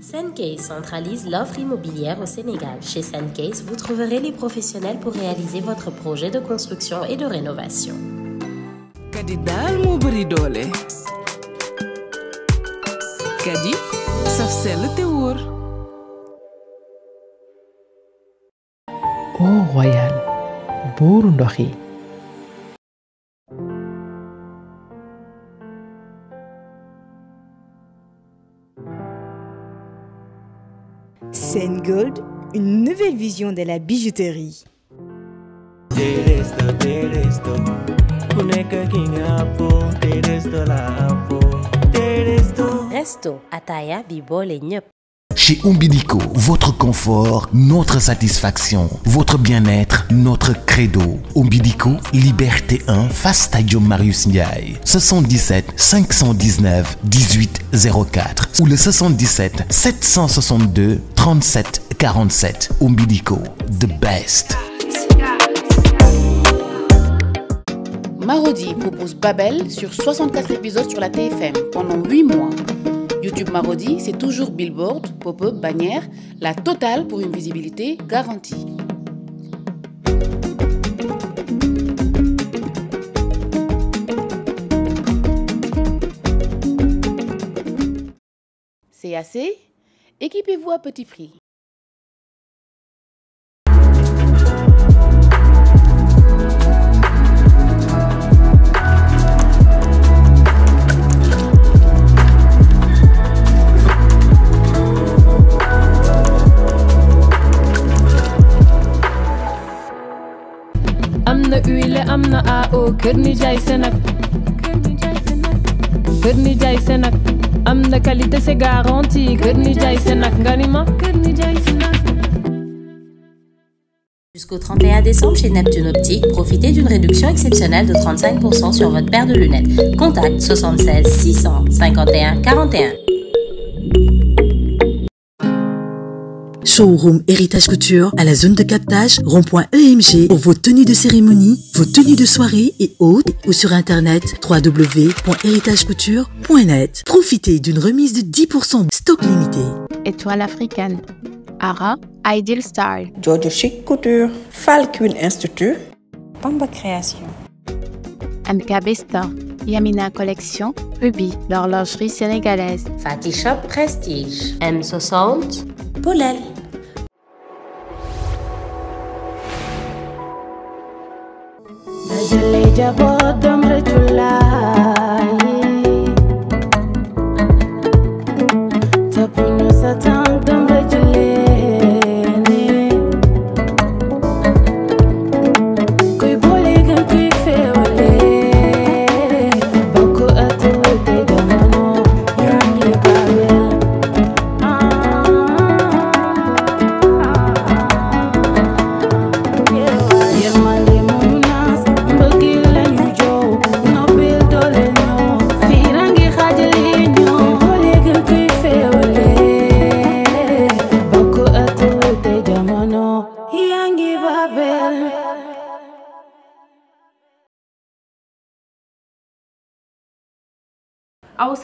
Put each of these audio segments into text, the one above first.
Sencase centralise l'offre immobilière au Sénégal. Chez Sencase, vous trouverez les professionnels pour réaliser votre projet de construction et de rénovation. Kadi Gold, une nouvelle vision de la bijouterie. Resto Ataya Bibol et Nyop. Chez Umbilico, votre confort, notre satisfaction, votre bien-être, notre credo. Umbilico, Liberté 1, face Marius Ndiaye. 77 519 1804 ou le 77 762 37 47. Umbilico, the best. Marodi propose Babel sur 64 épisodes sur la TFM pendant 8 mois. YouTube Marodi, c'est toujours billboard, pop-up, bannière, la totale pour une visibilité garantie. C'est assez Équipez-vous à petit prix. Jusqu'au 31 décembre chez Neptune Optique, profitez d'une réduction exceptionnelle de 35% sur votre paire de lunettes. Contact 76 651 41. Showroom Héritage Couture à la zone de captage rond.emg pour vos tenues de cérémonie, vos tenues de soirée et autres ou sur internet www.héritagecouture.net. Profitez d'une remise de 10% stock limité. Étoile africaine. Ara Ideal Style. George Chic Couture. Falcon Institute. Pamba Création. MKB Store. Yamina Collection, Ruby, l'horlogerie sénégalaise, Fatty Shop Prestige, M60, Poulel. Si le ella pot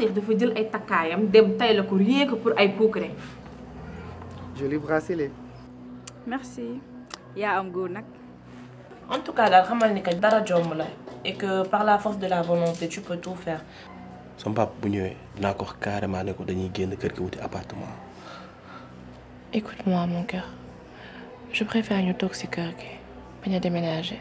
Cheikh dafa jël ay takayam dem tay ko rien que pour ay puukare. joli bracelet. merci Ya am góor nag. en tout cas daal xamal ni que dara jom la et que par la force de la volonté tu peux tout faire. Son papa bu ñëwee dinaa ko wax carrément ne ko dañuy génn kër gi wuti appartement. écoute-moi mon cœur je préfère ñu toxique ci kër gi bañ déménager.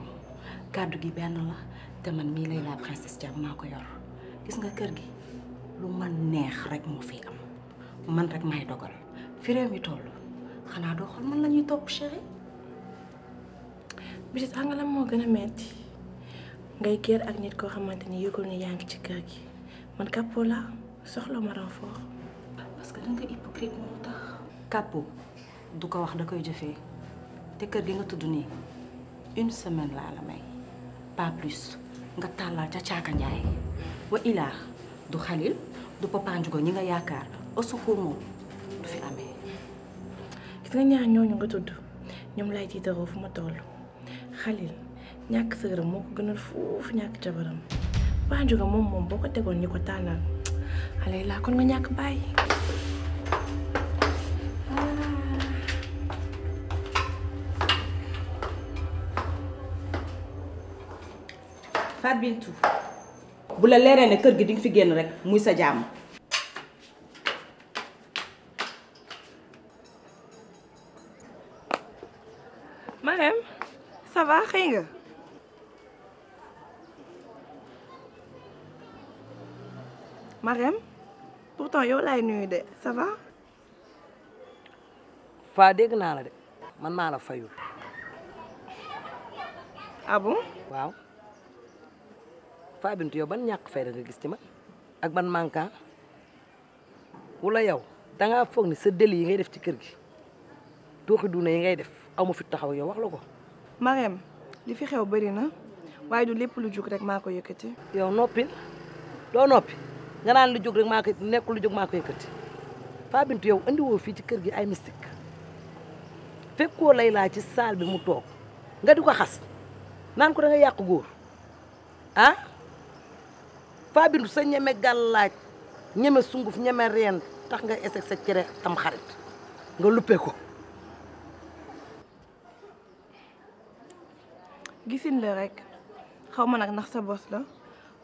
kaddu gi ben la te man mi lay la princesse jam mako yor gis nga kër gi lu man neex rek mo fi am man rek may dogal fi rew mi tollu xana do xol man lañuy top chéri Brigitte xam nga lan metti ngay géer ak nit ko xamanteni yegul ni yaangi ci kër gi man kapola, la soxla ma renfort parce que da nga hypocrite mo tax kàppoo du ko wax da koy jëfé te kër gi nga tuddu ni une semaine la la may pas plus nga talal ca caaka nyaay wa ila du khalil du papa njugo ñi nga yaakaar au oh, secours mo du fi amé gis nga ñaar ñooñu nga tuddu ñoom lay tiitaroo fu ma tollu khalil ñak sëram gënal fuf ñak jabaram papa njugo mom mom boko ko ñiko talal ko tànnal kon nga ñak baye Fat Bintou bu la leeree ne kër gi di nga fi génn rek muy sa jàmm. Marème ça va xëy nga. pourtant yow laay nuyu de ça Faa dégg naa la de man maa la fayul. ah bon Faa Bintu yow ban ñàkk fayda nga gis ci man ak ban manquant wala yow dangaa foog ni sa yi ngay def ci kër gi tooxi duuna yi ngay def amu fi taxaw yow wax la ko Marème li fi xew bari na waaye du lépp lu jóg rek maa ko yëkkati yow noppil doo noppi nga naan lu jóg rek maa ko lu jóg maa ko yëkkati Faa Bintu yow andi woo fii ci kër gi ay mystique fekkoo lay laa ci saal bi mu toog nga di ko xas naan ko da nga yàq góor ah faa bindu sa ñeme gàllaaj ñeme sunguf ñeme reen tax nga eseg sa cere tam xarit nga luppee ko gisin la rek xaw ma nag ndax sa bos la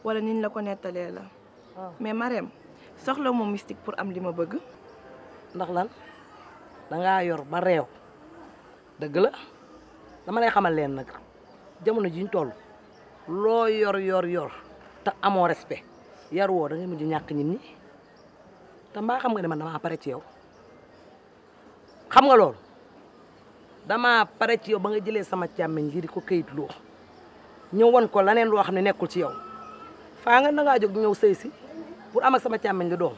wala niñ la ko nettalee la ah. mais Marème soxla moom mystique pour am li ma bëgg ndax lan dangaa yor ba réew dëgg la dama lay xamal leen nag jamono jiñ toll loo yor yor yor ta amo respect yar wo da ngay muju ñak ñit ñi ta ma xam nga ne man dama paré ci yow xam nga lool dama paré ci yow ba nga jëlé sama chamé ngir ko këyit lu ñew won ko lanen naga xamne nekkul ci yow fa nga nga jog ñew sey ci pour am ak sama chamé nga doom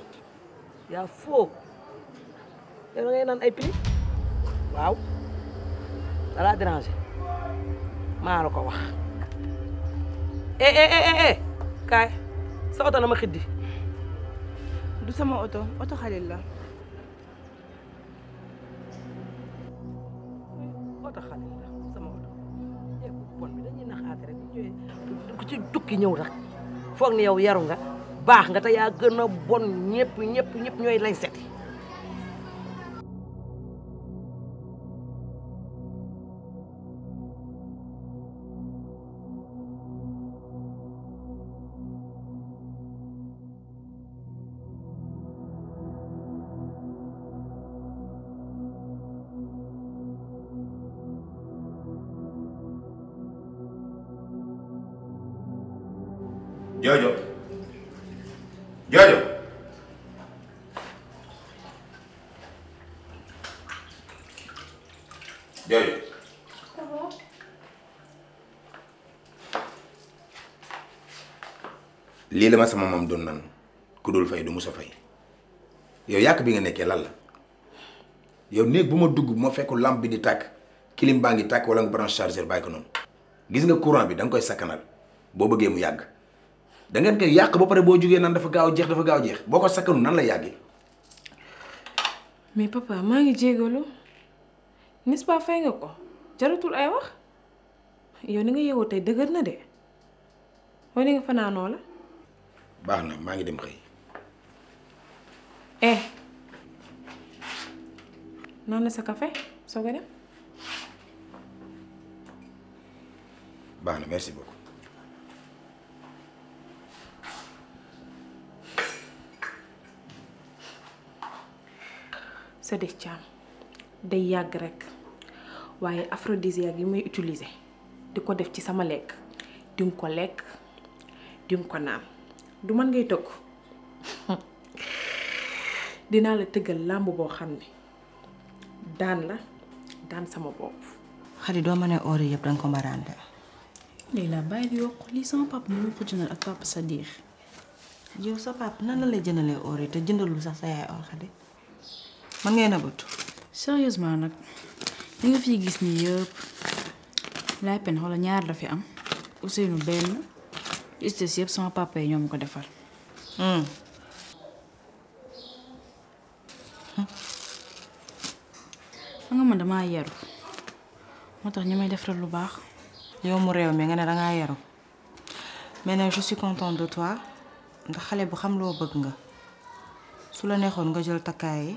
ya fo da ngay nan ay waw da la déranger ma la ko wax eh eh eh eh, eh. kaay sa oto na ma xiddi du sama oto oto xalil la oto xalil sama oto yéeg bon bi tukki ñëw rek foog ni yow yaru nga baax nga te yaa gën a bon ñëpp ñëpp ñëpp ñooy lay seti joojoo joojo joojo lii la ma sama moom doon nan ku dul fay du musa fay yow yàq bi nga nekkee lal la yow néeg bu ma dugg bu ma fekkul lampe bi di tàkk clim baa ngi tàkk wala nga branche chargeur bàyyi ko noonu gis nga courant bi danga koy sakkanal boo bëggee mu yàgg da ngeen koy yàq ba pare boo jugee nan dafa ya, gaaw jeex dafa gaaw jeex boo ko nan la yàggee. mais papa maa ngi jégalu n'est-ce pas fay nga ko jaratul ay wax yow ni nga yeewoo tey dëgër na de ni nga fanaanoo la. baax na ngi dem xëy. eh naan na sa café soog a dem. merci beaucoup. Sodé Thiam day yàgg rek waaye aphrodisiaque gi may utilise di ko def ci sama lekk di ko lekk di ko naan du man ngay tëgg dinaa la tëggal làmb boo xam ne daan la daan sama bopp. xarit doo ma ore oor yëpp danga ko mbarante. lii laa bàyyi di yokk lii sama papa mu ko jëndal ak papa Sadiq. yow sa papa nan la lay jëndalee oor yi te jëndalul sax sa yaay oor xarit. man ngay nabatu. sérieusement nag li nga fi gis nii yëpp laay pen xoola ñaar la fi am Ousseynou benn ustes yëpp sama papa yi ñoom ko defal. Hmm. xam nga damaa yaru moo tax ñu may defaral lu baax. yow mu réew mi nga ne dangaa yaru mais na je suis de toi nga xale bu xam loo bëgg nga su la neexoon nga jël takkaay yi.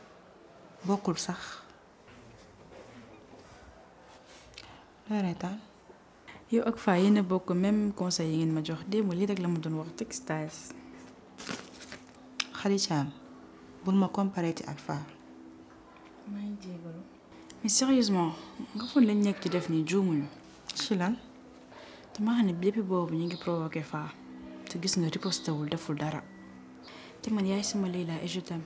bokkul sax looy reetaan yow ak Faa yéen a bokk même conseil yi ngeen ma jox démb lii rek la ma doon wax textiles xalicaam bul ma comparé ci ak Faa maa ngi jégalu mais sérieusement nga foog lañ nekk ci def nii juumuñu ci lan dama xam ne depuis boobu ñu ngi provoqué Faa te gis nga riposté wul deful dara te man yaay sama Leila et je t'aime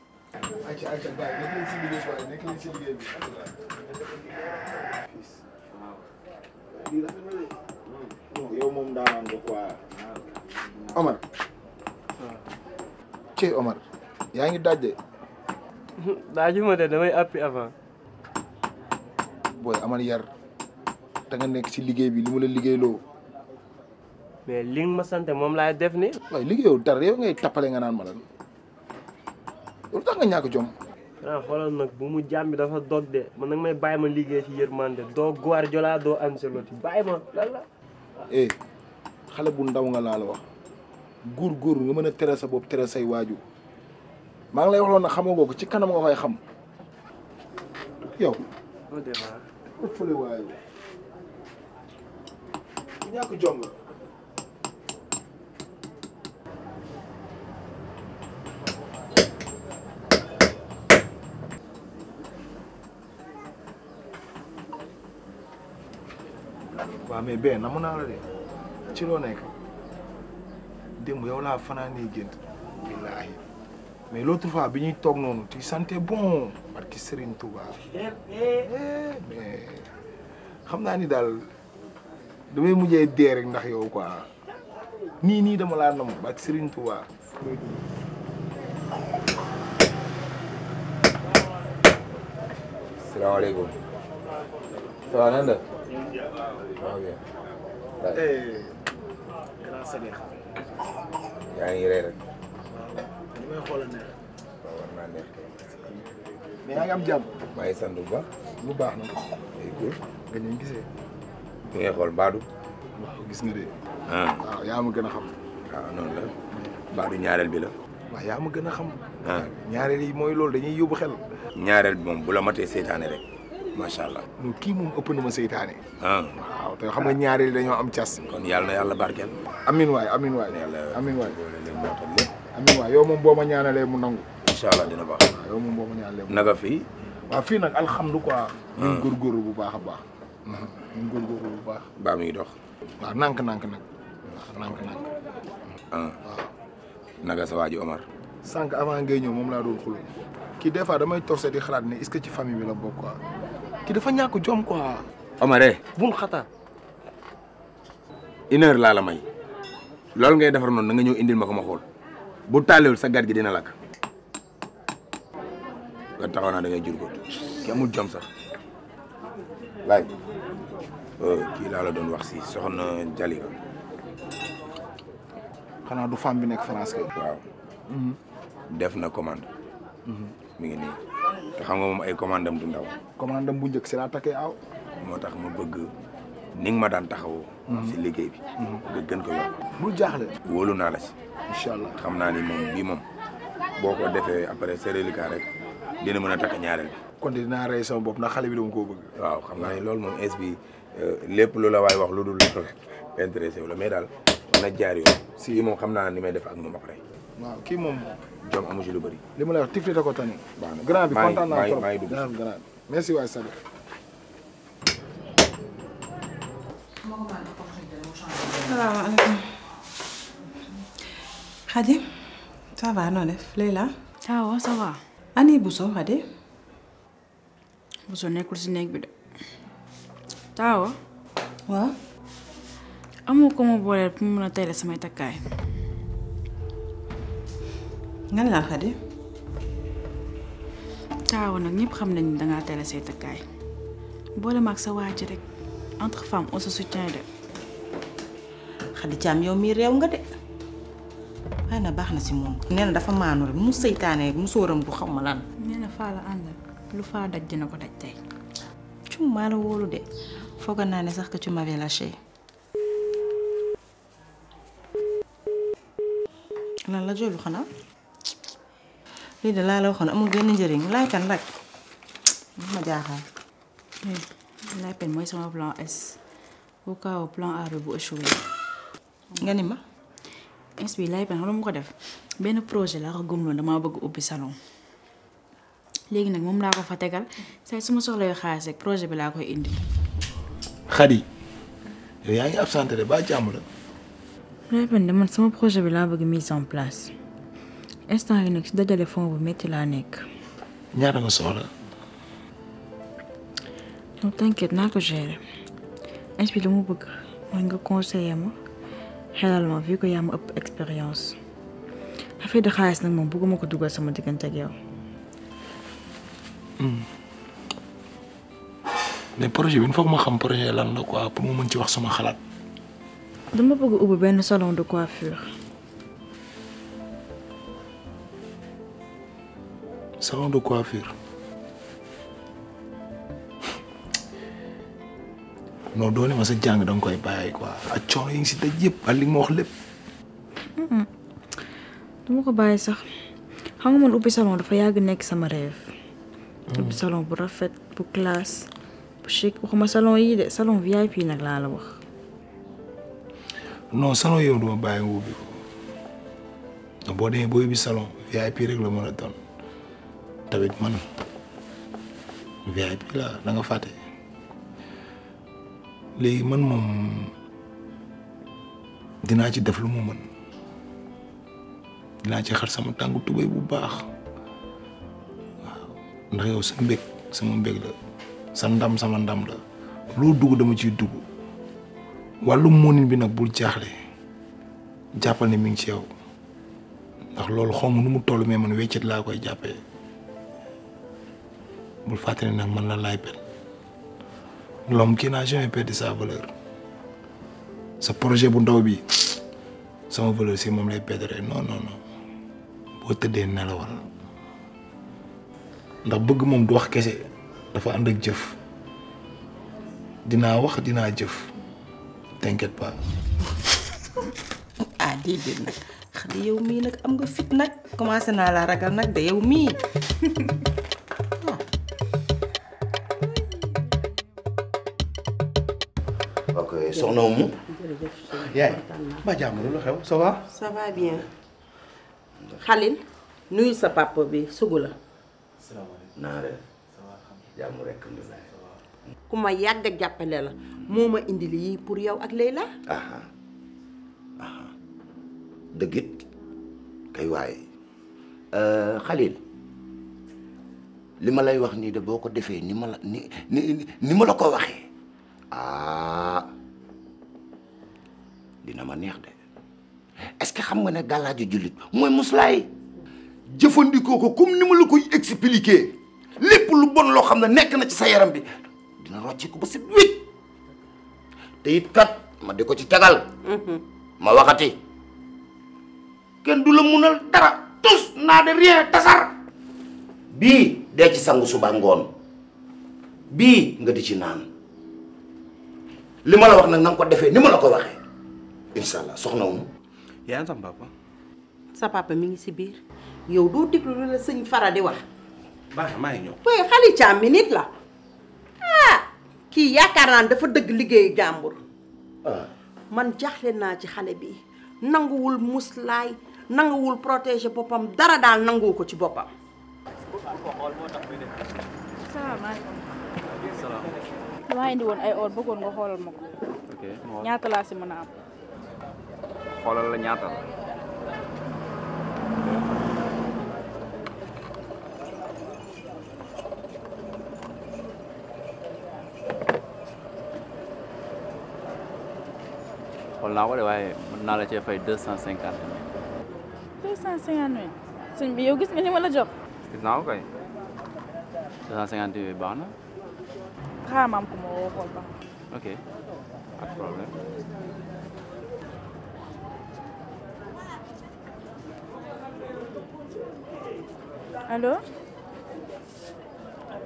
ayca ayca bàyyi nekk leen si liggéey bàyyi Omar. ci Omar. yaa ngi dajje. daajuma de damay appi avant. booy amal yar da nekk si liggéey bi li la liggéeyloo. mais li nga ma sant moom laay def ni liggéey liggéeyu dara yow ngay tapale nga naan ma lu nga ñàkk jom. ah xoolal nag bu mu jàmbi dafa dog de man nag may bàyyi ma liggéey ci yërmande doo Guardiola doo Ancelotti bàyyi ma lan la. Eh, xale bu ndaw nga laa la wax góor-góorlu nga mën a tere sa bopp tere say waajur maa ngi lay waxoon nag xamoo ko ci kanam nga koy xam yow. ñàkk jom mais suis namu naa la de ci loo nekk je yow laa fanaanee gént mais l'autre fois bi ñuy non, tu sentais bon barki Serigne Touba mais xam ni dal damay mujjé dé rek ndax yow quoi ni ni dama la nam barki Serigne Touba ça va Oh, yeah. Right. Hey, grand Sadiq. yaa ngi rey rek. may xoolal neex. waaw war naa neex jàmm. maa ngi sant bu baax. bu baax na. day góor. nga ñu gisee. ki ngay xool Badou. gis nga de. waaw yaa ma gën a xam. waaw noonu la. Badou ñaareel bi la. waaw yaa ma gën a xam. ñaareel yi mooy loolu dañuy yóbbu xel. ñaareel bi moom bu la matee seytaane rek. macha allah non kii moom ëpp na ma seytaane ah. waaw te xam nga ñaareel dañoo am cas kon yàlla na yàlla barkeel amin waay amin waay amin waay amin waay yow moom boo ma mu nangu incha allah dina baax yow moom boo ma Naga fi? naka fii waaw fii nag alhamdu quoi ah. ñun góorgóorlu bu baax a baax ñun góorgóorlu bu baax baa mi dox waaw nànk-nànk nag waaw nànk-nànk ah. naga sa waaji Omar sànq avant ngay ñëw moom laa doon xulul kii des damay torsé di xalaat ne est-ce que ci famille bi la bokk quoi dafa ñàkk jom quoi. Omare. bul xata. une heure la la may. lol ngay defar non nga ñew indil mako ma xol bu talewul sa gadj gi dina lak nga taxona da ngay jurgot ko ki amul jom sax. lay euh ki la doon wax si soxna eh, jali xana du fam bi nek France kay. waaw. Mhm. def na commande. Mhm. mi ngi te xam nga moom ay commande am du ndaw. commande bu njëkk si laa takkee aw. moo tax ma bëgg ni ma daan taxawoo. si mm-hmm. liggéey bi. Mm-hmm. nga gën ko yokk. bul jaaxle. wóolu naa la si. incha allah xam naa ni moom bii moom boo ko defee après sa reliquat rek dina mën a takk ñaareel bi. kon dinaa rey sama bopp ndax xale bi dama koo bëgg. waaw xam na ni loolu moom es bi euh, lépp lu la waay wax lu du dul intéressé wu la mais daal mën na jaar yoo si moom xam naa ni may def ak moom après. waaw kii moom. jom amu ci lu bëri. li ma la wax tifli da ko tani. grand bi kontaan naa trop maa ngi maa ngi dugg merci waay Sadio. salaamaaleykum. Khady. ça va noo def Leila. waaw ça nekkul si néeg bi de. taawa. waaw. amoo ko ma booleel pour mu mën a teel samay nga ne laal Khady. taawa nag ñëpp xam nañu da ngaa teel a say takkaay boole maag sa waa rek entre femmes on se soutient de. Khady Thiam yow mii réew nga de waaye na baax na si moom nee dafa maanu rek mu seytaane mu sóoram du xaw ma lan. nee na faa la àndal lu faa daj dina ko daj tey. cum maa la wóolu de foog naa ne sax que tu m'avais lâché. lan la jolu xanaa. lii de laa la waxoon amul benn njëriñ laay pen rek ma jaaxal. laay pen mooy sama plan S au cas plan A bu échoué. nga ni ma. S bi laay pen ko def benn projet laa ko gëmloon damaa bëgg ubbi salon léegi nag moom laa ko fa tegal say su ma soxlawee xaalis rek projet bi laa koy indi. Khady yow yaa ngi absenté de ba jàmm la. laay pen de man sama projet bi laa bëgg mise en place. instant yi nag si dajale fond bu métti laa nekk. ñaata nga soxla. non t'inquiète naa ko gérer est lu mu bëgg mooy nga conseiller ma xelal ma vu que yaa ma ëpp expérience affaire de xaalis nag moom bëgguma ko dugal sama diggante ak yow. Hmm. mais projet bi ma xam projet lan la quoi pour mu mën ci wax sama xalaat. dama bëgg ubbi benn salon de coiffure. Hmm. salon ya hmm. de coiffure. non doone ma sa jàng danga koy bàyyi quoi ak coono yi ngi si daj yëpp li ma wax dama ko sax xam nga salon dafa yàgg nekk sama rêve. ubbi salon bu rafet bu classe bu chic waxuma salon yi de salon VIP nag laa la wax. non salon yow duma bàyyi nga ubbi ko boo demee salon VIP rek la tamit man VIP la da nga fàtte léegi man moom dinaa ci def lu mu mën dinaa ci xar sama tàngu bu baax ndax yow sa mbég sama mbég la sa ndam sama ndam la loo dugg dama ciy dugg wàllu moonin bi nag bul jaaxle jàppal ne mi ngi ci yow ndax loolu xaw nu mu toll mais man koy bul fatene nak man la lay pen l'homme qui n'a jamais perdu sa valeur ce projet bu ndaw bi sama valeur si mom lay perdre non non non bo tëddee nelawal ndax bëgg mom du wax kessé dafa and ak jëf dina wax dina jëf t'inquiète pas ah di nak xali yow mi nak am nga fit nak commencé na la ragal nak de yow mi soxna Oumou. jërëjëf yaay ba jàmm ma jàppale la moo ma indi lii pour yow ak Leila. dëgg kay waaye euh, Khalil li ma lay wax nii de boo ko defee ni ma la ni ni ma la ko waxee ah. dina ma neex de est-ce que xam nga ne gàllaaju julit moy muslay jeufandiko ko kum ni ma la koy expliquer lepp lu bon lo xamne nek na ci sa yaram bi dina rocci ko ba ci wit te it kat ma di ko ci tegal mhm. ma waxati ken du la munal dara tous na de rien tasar bi de ci sangu suba ngone Lima nga di ci nan lima la wax nak nang ko defé nima la ko waxé incha allah soxna wu ma. yaa ngi papa. sa papa mi ngi si biir yow doo déglu lu la sëñ Fara di wax. baax na maa ngi ñëw. waaye xale caam mi nit la ah kii yaakaar naa dafa dëgg liggéeyu jàmbur. man jaaxle naa ci xale bi nanguwul muslaay nanguwul protéger boppam dara daal nanguwu ko ci boppam. salaamaaleykum. maa indi woon ay or bëggoon nga xoolal ma ñaata laa si mën am. xoolal la ñaata la xool naa ko de waaye mën naa la cee fay deux cent cinquante mille. deux cent cinquante mille sëñ bi yow gis nga li ma la jox. gis naa ko kay. deux cent cinquante mille baax na. xaaral ma am ku ma woo xool ba. ok pas de problème. allo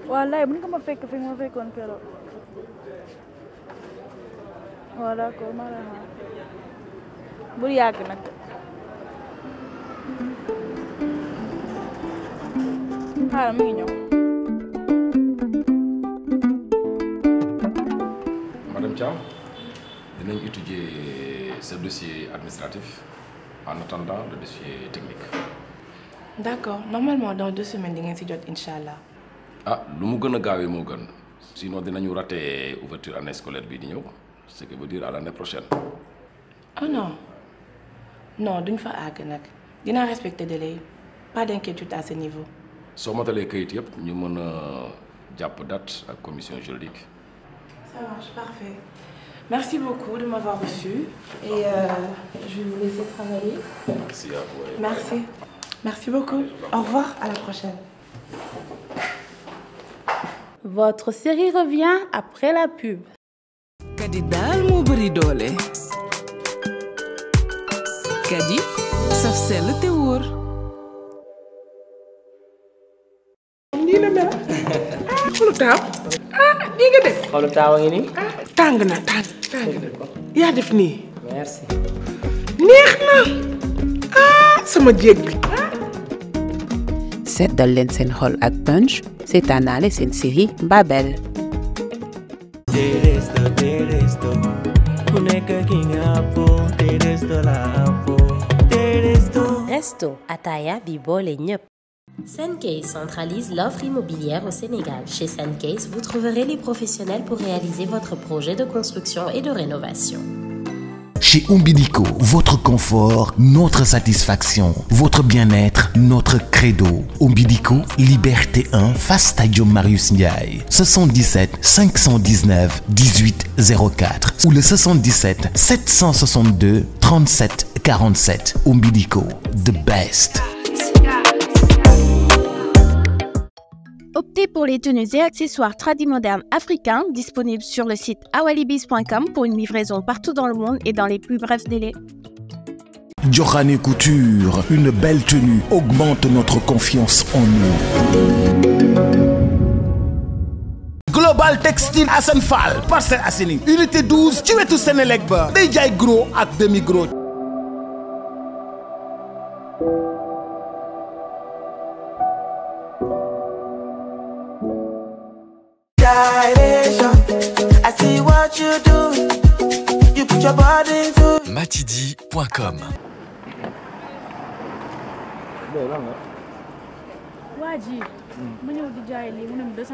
waaw lay mën ma fekk fi ma fekkoon keroog waaw d'accord ma la xaar bul yàgg nag xaaral mi ngi ñëw madame Thiam dinañ étudier ce dossier administratif en attendant le dossier technique d'accord normalement dans deux semaines vous ngeen jot ah lu mu gën a gaawee moo gën sinon dinañu raté ouverture année scolaire bii di ñëw ce qui veut dire à l'année prochaine. oh non non duñ fa àgg Je vais respecter délai délais..! pas d'inquiétude à ce niveau. vous les kayit nous ñu mën a une date la commission juridique. ça marche parfait merci beaucoup de m'avoir reçu et euh, je vais vous laisser travailler. merci à vous. merci. Merci beaucoup. Au revoir, à la prochaine. Votre série revient après la pub. Kadi dal mo bëri doole. Kadi saf sell te wóor. le la mel ah xoolu taaw ah nii nga def. xoolu taaw ngi nii. ah na def ni. merci. neex na ah sama jéeg bi. C'est dal Hall Punch. C'est ak punch c'est une série Babel. Resto Ataya Bibo et Sencase centralise l'offre immobilière au Sénégal. Chez Sencase, vous trouverez les professionnels pour réaliser votre projet de construction et de rénovation. Chez Umbilico, votre confort, notre satisfaction, votre bien-être, notre credo. Umbilico, Liberté 1, Fastadium Marius Ndiaye. 77 519 1804 ou le 77 762 37 47. Umbilico, the best. Optez pour les tenues et accessoires modernes africains disponibles sur le site awalibis.com pour une livraison partout dans le monde et dans les plus brefs délais. Johanné Couture, une belle tenue augmente notre confiance en nous. Global Textile Asenfal Fall, Parcel Assening, Unité 12, tu es tout Sénélec, Déjà gros et demi-gros.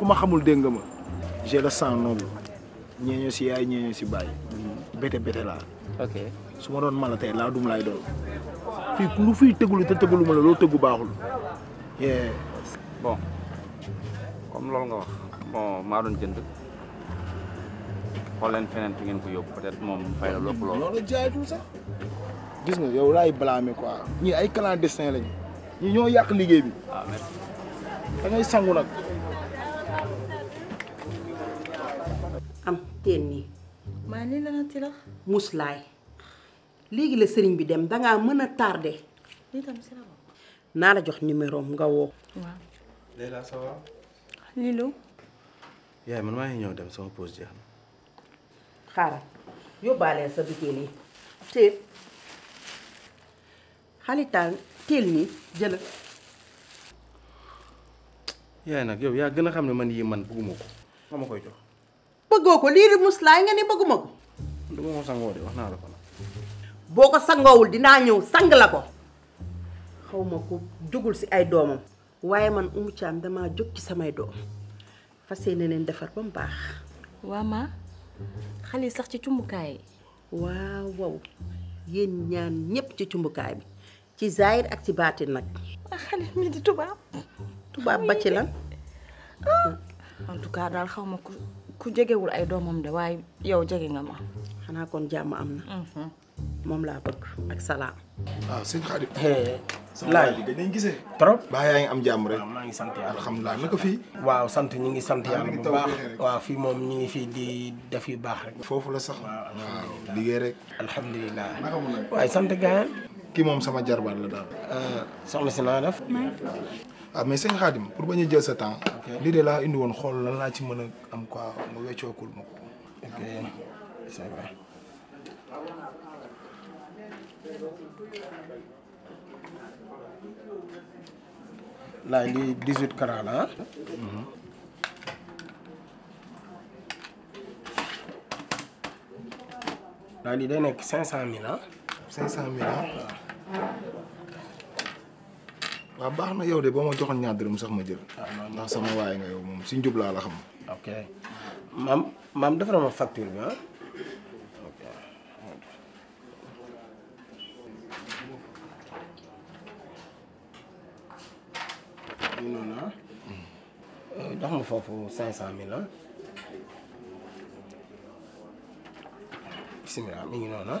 kuma xamul dégg nga ma je le sang noble ñeñu ci yaay ñeñu ci bàyyi bété bété la ok suma don mala tay la dum lay do fi ku lu fi teggul te teggul ma lo teggu baxul baaxul bon comme lol nga wax bon ma don jënd xolen fenen fi ngeen ko yob peut être mom fay la lopp loolu loolu jaayatul sax gis nga yow lay blâmer quoi ñi ay clandestin lañ ñi ñoo yak liggéey bi ah merci da ngay sangu nag tenni maa ni ti tila muslay léegi la sëriñ bi dem dangaa mën a tardé ci la jox numéro nga wo waaw Leila sawa Lilo Ya, man ma ngi ñëw dem sama pause jeex na yo balé sa bité yi té xalitaan téel nii Ya yaay yow ya gëna xamné man yi man bugguma ko jox bëggoo ko lii di muslaay nga ne bëgguma ko. boo ko sangoowul dinaa ñëw sang la ko. xaw ma ko jugul si ay doomam. waaye man Umu Caam damaa jóg ci samay doom fas yéene leen defar ba mu baax. waa ma xale sax ci cumbukaay yi. waaw waaw yéen ñaan ñépp ci cumbukaay bi ci zaahir ak ci baatin nag. waa mi di tubaab. tubaab ba ci lan. Ah. en daal xaw ma ko ku jegewul ay doomam de way yow jégué nga ma xana kon jamm mhm. ah, am mom la bëgg ak salaam waaw khadim hé laay bi danañ gisé trop ba yaa ngi am jamm rek ma ngi sante yàlla alhamdulilah naka fi waaw sante ñi ngi sante yàlla bu baax waaw fi mom ñi ngi fi di def yu baax rek fofu la sax waaw liggéey rek alhamdulilah waaye sante gaay ki mom sama jarbaat la daal eh, soxna si naa def amee ah, mais sëñ Xaadim pour bañ sa temps. lii de laa indi woon xool lan laa ci mën a am ku mu weccookul ma ko. ok c'est vrai. laay lii la laay lii nekk cinq cent cent mille wa baax na yow de bama joxon ñaar dërëm sax ma jël ah, ndax sama way nga yow mom si njub la xam ok mam mam defaral ma facture bi non non ah, eh, ah. mi ngi ah.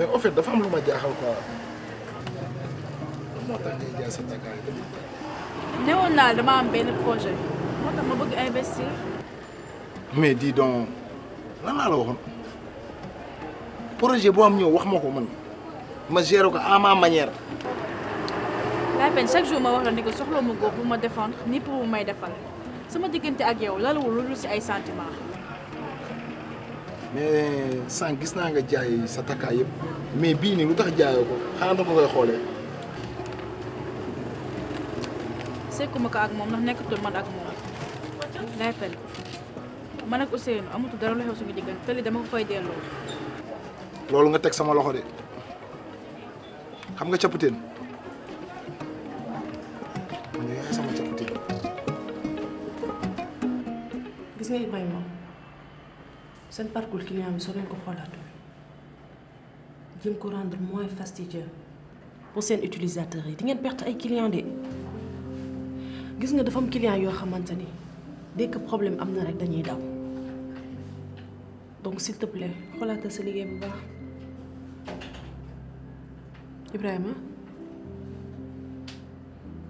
mais en fait dafa am luma ma quoi moo tax ngay jaay sa Dakar yi newoon naa dama am benn projet moo tax ma bëgg investir. mais dis donc lan laa la waxoon projet boo am ñëw wax mako man ma géré ko à ma manière. La peine chaque jour ma wax la ni ko soxla ma góor bu ma défendre ni pour bu may défal. sama digënté ak yow lalawul lu dul si ay sentiments. mais sànq gis na nga jaay sa takkaay yeb mais bi ni lutax jaay ko xana da nga koy xoolee. sekkuma ko ak moom ndax nekkatul man ak mom lay fel man ak ousseyn amatu dara lo xew suñu digal fel dama ko koy delo loolu nga tek sama loxo de xam nga capitaine man yaay sama capitaine. gis nga Ibrahima. sen parcours client bi soo leen ko xoolaatoo jëm ko rendre moins fastidieux pour seen utilisateur yi di ngeen perte ay client de gis nga dafa am client yoo xamante ni dès que problème am na rek dañuy daw donc s'il te plaît xoolaatal sa liggéey bu baax Ibrahima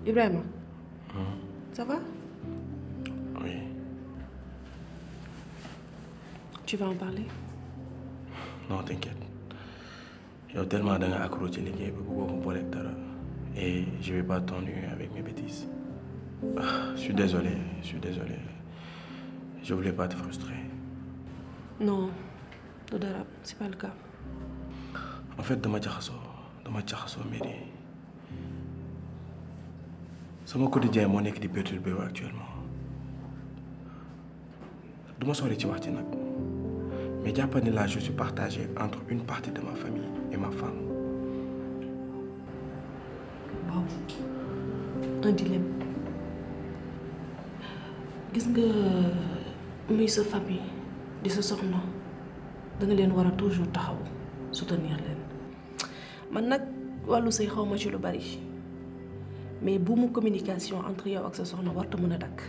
Ibrahima. Hein? ça va. Tu vas en parler Non, t'inquiète. a tellement d'un accro de l'équipe pour beaucoup Et je ne vais pas t'ennuyer avec mes bêtises. Ah, je suis désolé, je suis désolé. Je voulais pas te frustrer. Non, Dodara, c'est pas le cas. En fait, dans ma dama dans ma tchasso, c'est mon quotidien mon qui est perturbé actuellement. Je ne sais pas mais là, je suis partagé entre une partie de ma famille et ma femme. Bon, un dilemme. Qu'est-ce que mes famille de ce soxna da nga leen war toujours taxaw soutenir leen man nag wàllu say je ma ci lu bari mais bu communication entre yow ak sa soxna warta mën a dakk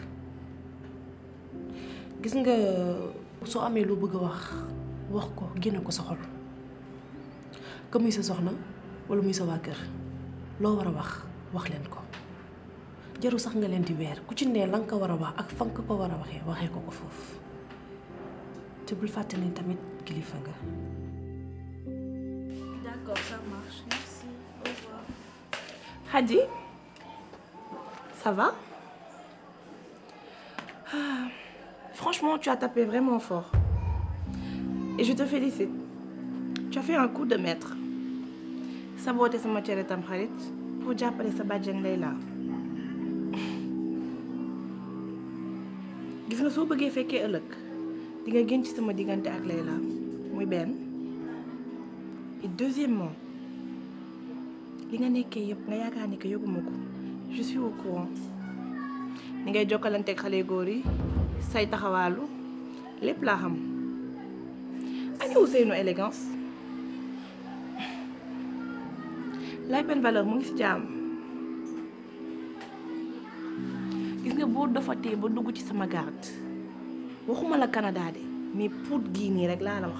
gis soo amee loo bëgg a wax wax ko génne ko sa xol que muy sa soxna wala muy sa waa kër loo war a wax wax leen ko jaru sax nga leen di weer ku ci nee la nga ko war a wax ak fan ko war a waxee waxee ko ko foofu te bul fàtte ne tamit kilifa nga. Franchement, tu as tapé vraiment fort. Et je te félicite. Tu as fait un coup de maître. Sabote sa matière et tamkharit pour appeler sa badjan Leila. Gis nga soo bëggee fekkee ëllëg di nga gën ci sama diggante ak Leila muy Ben. et deuxièmement li nga nekkee yëpp nga yaakaar ni que yëguma ko je suis au courant ni ngay jokkalanteeg xale les yi say taxawaalu lépp laa xam ani une élégance Life and Valeurs mu ci jàmm gis nga boo dofatee ba dugg ci sama garde waxuma la Canada de mais Pout gii rek la wax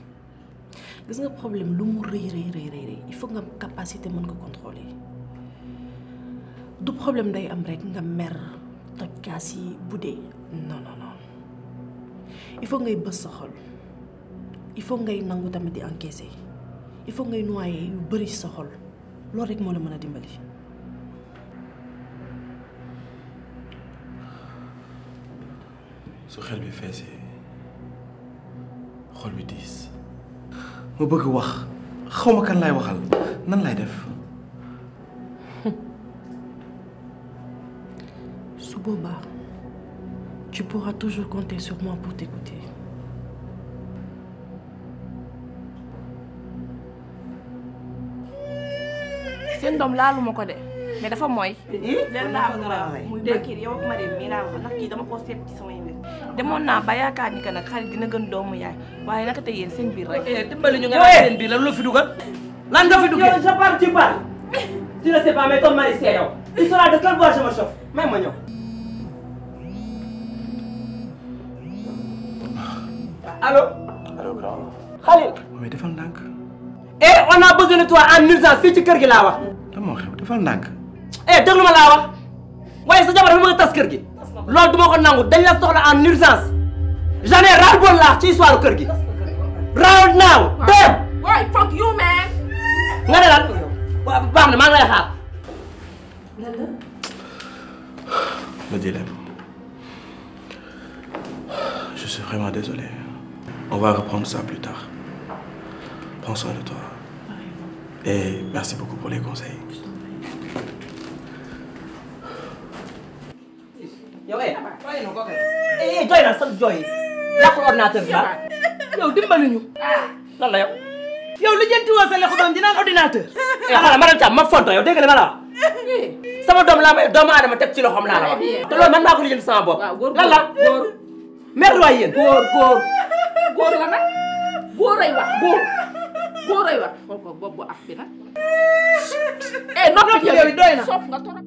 C'est un problème lu mu rëy il faut nga capacité mën ko contrôler du problème day am rek nga mer toj kaas non non non il faut ngay bës sa xol il faut ngay nangu tamit di il faut ngay noyer yu bëri sa xol rek la dimbali ma bëgg wax xaw ma kan lay waxal nan lay def. su boobaa tu pourras toujours compter sur moi pour t'écouter. seen doom laalu ma ko de. mais dafa mooy. léegi laa am problème muy yow ak Marème mii laa wax naa ba yaakaar ni que nag xarit dina gën doomu yaay waaye naka tey yéen seen biir rek. Eh, dimbali ñu nga naan la fi lan nga fi dugal yow je parle ma ñëw. allo. allo grand. Khalil. mais defal ndànk. Eh, a besoin de toi fii ci kër gi laa wax. dama xew defal ndànk. eh déglu ma laa wax Waye sa jabar bi ma tass kër gi Lool duma ko nangu dañ la soxla en urgence j'en ai ras le bol laa ci histoire kër gi right now dem waay fuck you man nga ne lan baax na ma ngi lay xaar lan la le je suis vraiment désolé on va reprendre ça plus tard prends soin de toi et merci beaucoup pour les conseils yow eh. eh doy na sax jooy yàqul ordinateur bi ah. yow dimbali ñu. Ah. lan la yow. yow li jënti woo sa loxo doom dinaan ordinateur. eh ah, xanaa madame Thiam ma fonto yow dégg nga li ma eh. sama doom laa may doomu aadama teg ci loxoom laa la wax. te loolu man maa ko lijjanti sama bopp. lan la góor mer waay yéen. góor góor góor la nag góor ay wax góor góor ay wax. xool ko eh, na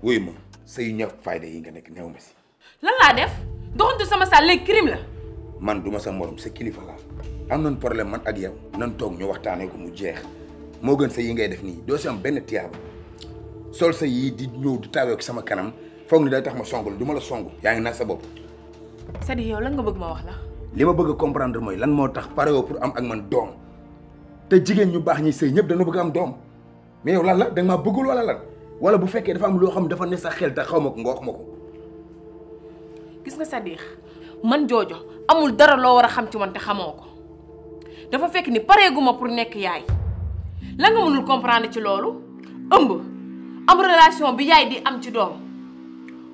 Oui, ma C'est une fayda yi nga nekk néew ma si. lan laa de doxantu sama saal léegi crime la. man duma sa morom sa kilifa la am un problème man ak yow nan toog a waxtaanee ko mu jeex moo gën sa yi ngay def nii doo si am benn tiyaaba y sa yii di ñëw di taawee sama kanam foog ni day ma songul du ma la song yaa ngi naan sa bopp. c'est-à-dire yow lan nga ma wax la. li ma a comprendre mooy lan moo tax pare woo pour am ak man doom te jigéen ñu baax ñi sëy ñëpp dañu bëgg am doom mais yow lan la da nga maa bëggul wala bu fekkee dafa am loo xam dafa ne sa xel te xaw ma ko nga wax ma ko. gis nga Sadikh man joojo amul dara loo war a xam ci man te xamoo ko dafa fekk ni pareeguma pour nekk yaay la nga mënul comprendre ci loolu ëmb am relation bi yaay di am ci doom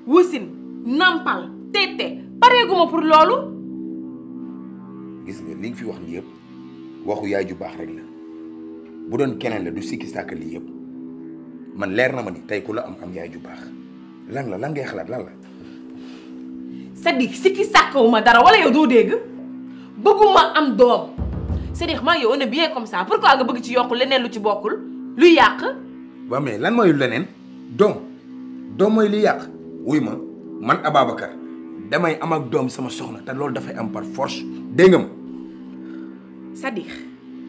wusin nampal tete pareeguma pour loolu. gis nga li nga fi wax ni yëpp waxu yaay ju baax rek la bu doon keneen la du sikki sàkk lii yëpp. man leer na ma ni tey ku la am am yaay ju baax lan la lan ngay xalaat lan la. cest à sikki sàkkawu ma dara wala yow doo dégg bëgguma am doom c'est-à-dire bien comme ça pourquoi nga bëgg ci yokk leneen lu ci bokkul luy yàq. waaw lan mooy leneen doom doom mooy ma man Ababacar damay am ak doom sama soxna te loolu dafay am par force dégg nga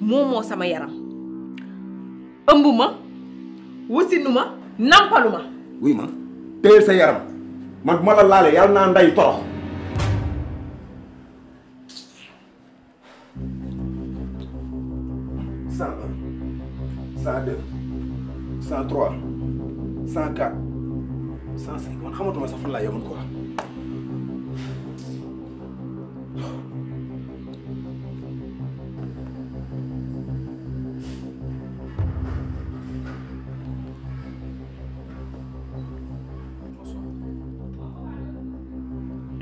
moomoo sama yaram ëmb ma. wusinu ma nampalu ma. wuy ma téyel sa yaram man bu ma la laalee yàlla naa nday torox. cent un cent deux cent trois cent quatre cent cinq man xamatuma sax fan laa yemoon quoi.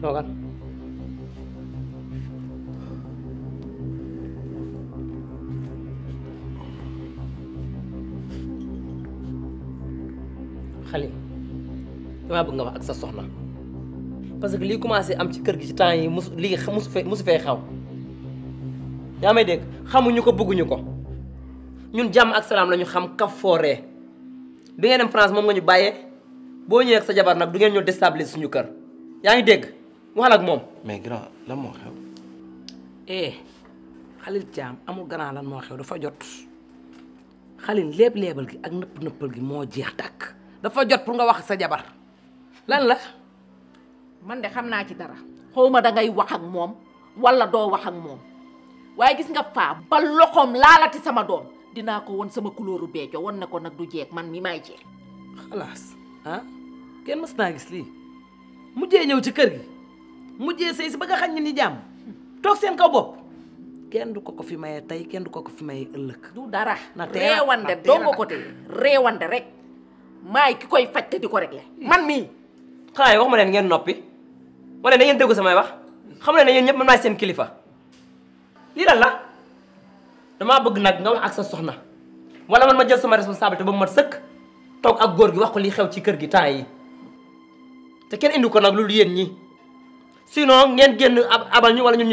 Tuh kan xale damaa bëgg nga wax ak sa soxna parce que li commencé am ci kër gi ci temps yi mus li mus fe mus fe xaw Ya may dégg xamuñu ko bëgguñu ko ñun jamm ak salam lañu xam ka foré. bi ngeen dem France mom nga ñu bayé bo ñëwee ak sa jabar nak du ngeen ñu déstabiliser suñu kër Ya ngi dégg wala ak mom? mais grand lan mo xew. eh Khalil jam, amu grand lan mo xew dafa jot Khalil léeb lebal gi ak nepp neppal gi mo jeex tak dafa jot pour nga wax sa jabar lan la. man de xamna ci dara xawma da ngay wax ak mom? wala do wax ak mom waye gis nga fa ba loxom lalati sama dom dina ko won sama couleuru bejo won nako nak du jeek man mi may jeek khalas ah ken mës gis li mujjé ñew ci kër gi mujjé sey si bëgg xañ ni jam tok seen kaw bop kenn du ko ko fi maye tay kenn du ko ko fi maye ëlëk du dara do nga ko té réewande rek may ki koy faj te di ko man mi xay wax ma leen ngeen nopi wala na ngeen déggu sama wax xam na ne ñëpp man ma seen kilifa li dal la dama bëgg nak nga wax ak sa soxna wala man ma jël sama responsabilité ba ma sëkk tok ak góor gi wax ko li xew ci kër gi tay yi te kenn indu ko nag lu yeen ñi sinon vous génn abal choisir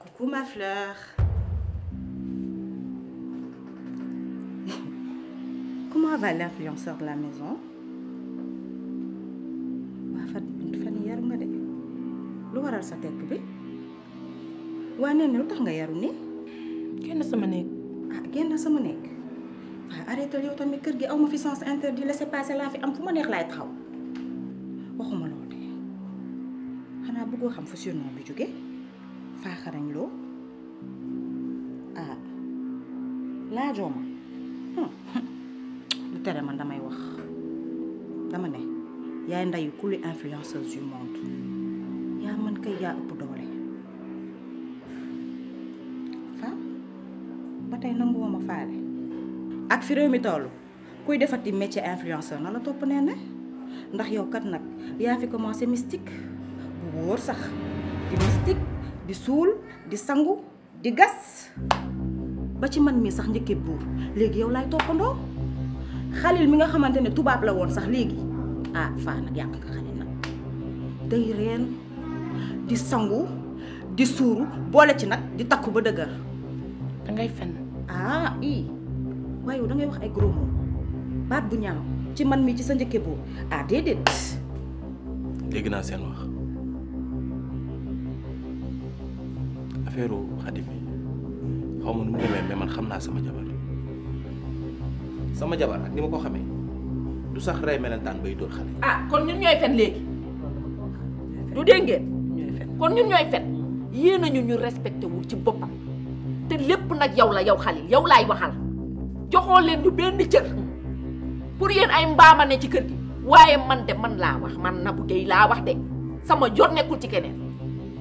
coucou ma fleur. comment va l'influenceur de la maison. waa fan fan pas lu waral sa bi tax nga waaye arrêté yow tamit kër gi aw fi sens interdit laisser passer laa fi am fu ma neex laay taxaw waxuma loolu de xanaa bëggoo xam fa surnom bi jóge faaxarañ loo ah laajoo hmm. lu tere man damay wax dama ne yaay ndayu kuli influenceuse du monde yaa mën kay yaa ëpp doole ak fi réew mi toll kuy defati métier influenceur na top topp ndax yow kat nak ya fi commencé mystique bu wor sax di mystique di soul di sangu di gas ba ci man mi sax njëkkee buur légui yow laay toppandoo khalil mi nga xamantene ne la won sax légui ah fa nak yàq nga xalil nak day reen di sangu di souru bolé ci nak di takku ba deugar da ngay fenn ah i waaye yow wax ay gros mots baat bu ñaaw ci man mi ci sa njëkke boobu ah déedéet. dégg naa seen wax affaire xadi bi xaw ma nu mu demee mais man xam naa sama jabar sama jabar ak ni ma ko xamee du sax rey melentaan bay dóor xale. ah kon ñun ñooy fen léegi du dégg ngeen kon ñun ñooy fen yéen a ñu ñu respecté ci boppam te lépp nag yow la yow Xalil yow laay waxal joxoo len du benn cër pour yeen ay mbaama ne ci kër gi waye man de man la wax man bu gey la wax de sama jot nekul ci keneen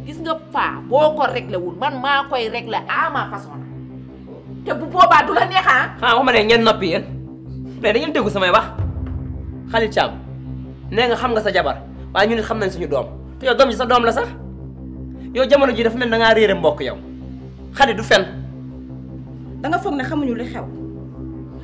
gis nga fa boko ko wul man ma koy régler à ma façon te bu boba du la neex ah. ha ah, wama ne ñen noppi yeen mais dañu ngeen sama wax Khalil cham ne nga xam nga sa jabar wa ñu nit xam nañ suñu dom te yow dom ji sa dom la sax yow jamono ji dafa mel da nga réere mbokk yow Khady du fen da nga foog ne xamuñu li xew.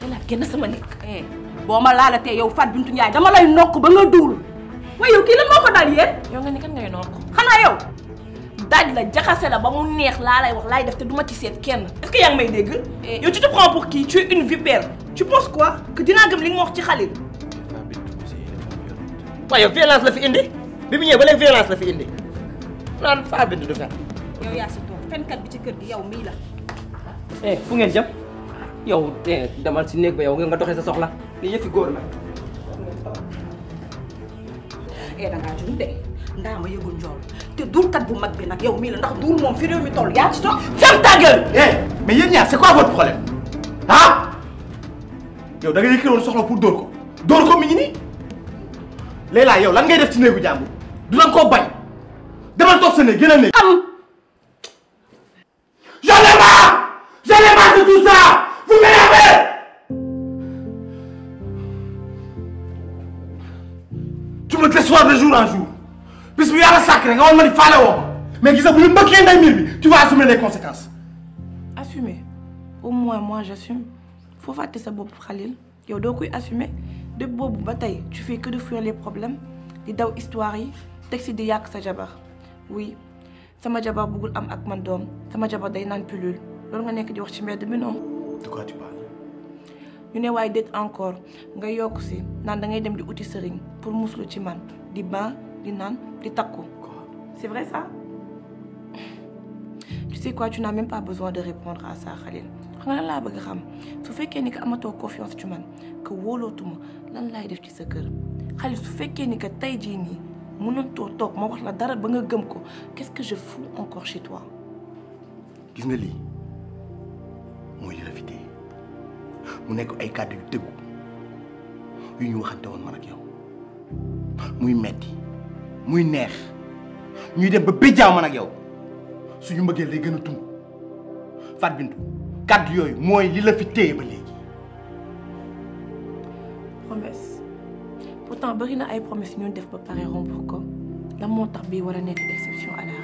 yàlla génn sama nekk. Eh, boo ma laalatee yow Fatou Bintou Ndiaye dama lay nokk ba nga duul waaye yow kii lan moo ko dal yéen. yow nga ni kan ngay nokk. xanaa yow daaj la jaxase la ba mu neex laa lay wax laay def te du ma ci seet kenn. est-ce que yaa ngi may dégg. Eh. yow tu te prends pour qui tu es une vipère. tu penses quoi que dinaa gëm li nga ma wax ci Khalil. eh fu ngeen yow eh, demal ci néeg ba yow nga doxee sa soxla li yëfi góor la. eh da ngaa juum de ndaa ma yëgul njool te duurkat bu mag bi nag yow mii la ndax duur moom fi réew mi toll yaa ci toog. ferme ta gueule. eh mais yéen ñaar c'est quoi votre problème ah yow da nga yëkkati woon soxla pour dóor ko dóor ko mi ngi nii Leila yow lan ngay def ci néegu jàmbur du la ko bañ demal toog sa néeg gën a néeg. am. je n'ai marre je n'ai marre de tout ça. Vous m'énervez Tu me déçois de jour en jour. bis tu yàlla sàkk rek nga war ma ni faale mais gis nga bu ñu mbëkkee nday miir bi tu vas assumer les conséquences. assumer au moins moi j'assume faire tes sa bopp Khalil yow doo koy assumer de boobu ba tu fais que de fuir les problèmes di daw histoire yi teg yak di Oui. sa jabar oui sama jabar bëggul am ak man doom sama jabar day naan pilule loolu nga nekk di wax ci mbedd bi non. De quoi tu parles ñu ne waaye déet encore nga yokk si naan da ngay dem di uti sëriñ pour muslu ci man di ban di nan, di takku. c'est vrai ça tu sais quoi tu n'as même pas besoin de répondre à ça Khalil xam nga laa bëgg xam su fekkee ni que amatoo confiance ci man que wóolootuma lan laay def ci sa kër Khalil su fekkee ni que tey jii nii mënatoo toog ma wax la dara ba nga gëm ko qu'est-ce que je fous encore chez toi. gis nga lii moy li la Je mu le ay cadre yu yu ñu waxanté won man ak yow muy metti muy neex ñuy dem ba man ak yow suñu day gëna a fat bintu li la fi ba promesse pourtant bari na ay promesse ñu def ba paré rompre ko tax exception à la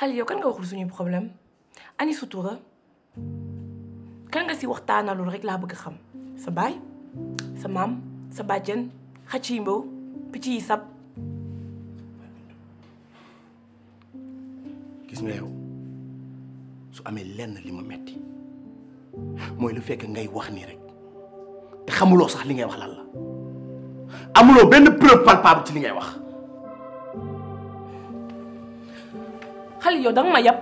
xale يو كان nga waxul suñuy problème ani sutura kan nga si waxtaanalul rek laa bëgg xam sa baay sa maam sa bàjjen xacc yi mbaw picc yi sab gis nga ya yow su amee lenn li ma metti mooy غاي fekk ngay wax nii rek te xamuloo sax li ngay wax lan la preuve palpable ci li ngay wax xali yow ma yab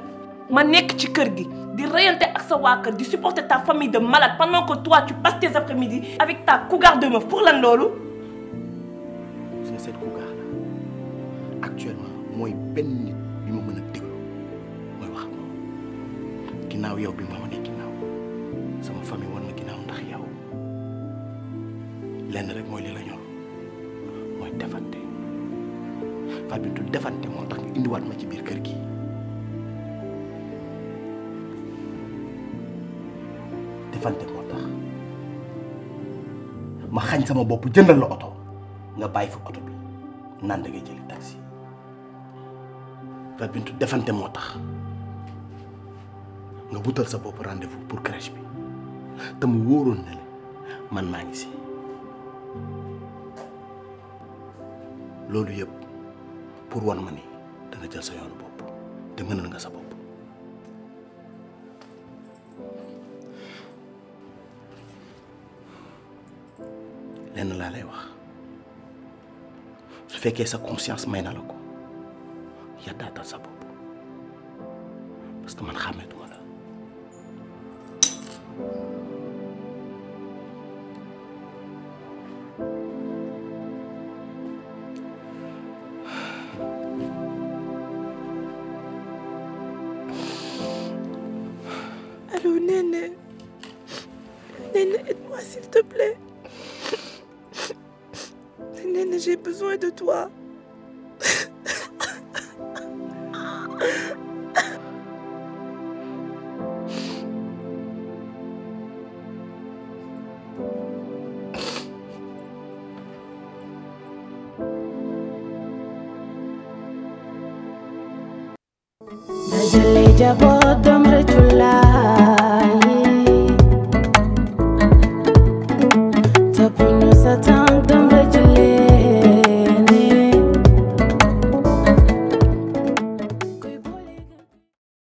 ma nek ci kër gi di reyante ak sa waa di supporter ta famille de malade pendant que toi tu passes tes après-midi avec ta cougar de meuf pour lan loolu. c'est cette cougar là actuellement moi ben nit bi ma mën a déglu mooy wax moom ginnaaw yow bi ma wane ginnaaw sama famille war na ginnaaw ndax yow lenn rek moi li la ñor mooy defante Fatou defante mon tax nga ma ci biir gi. defante ma xañ sama bopp jëndal la oto nga bàyyi fi oto bi naan da ngay jëli fa bintu defante moo tax nga wutal sa bopp rendez pour crèche bi te mu wóoroon ne man maa ngi si loolu yëpp pour wan ma ni danga jël sa yoonu bopp te mënal nga sa bopp lenn lay sa conscience y y a date dans sa parce que sais pas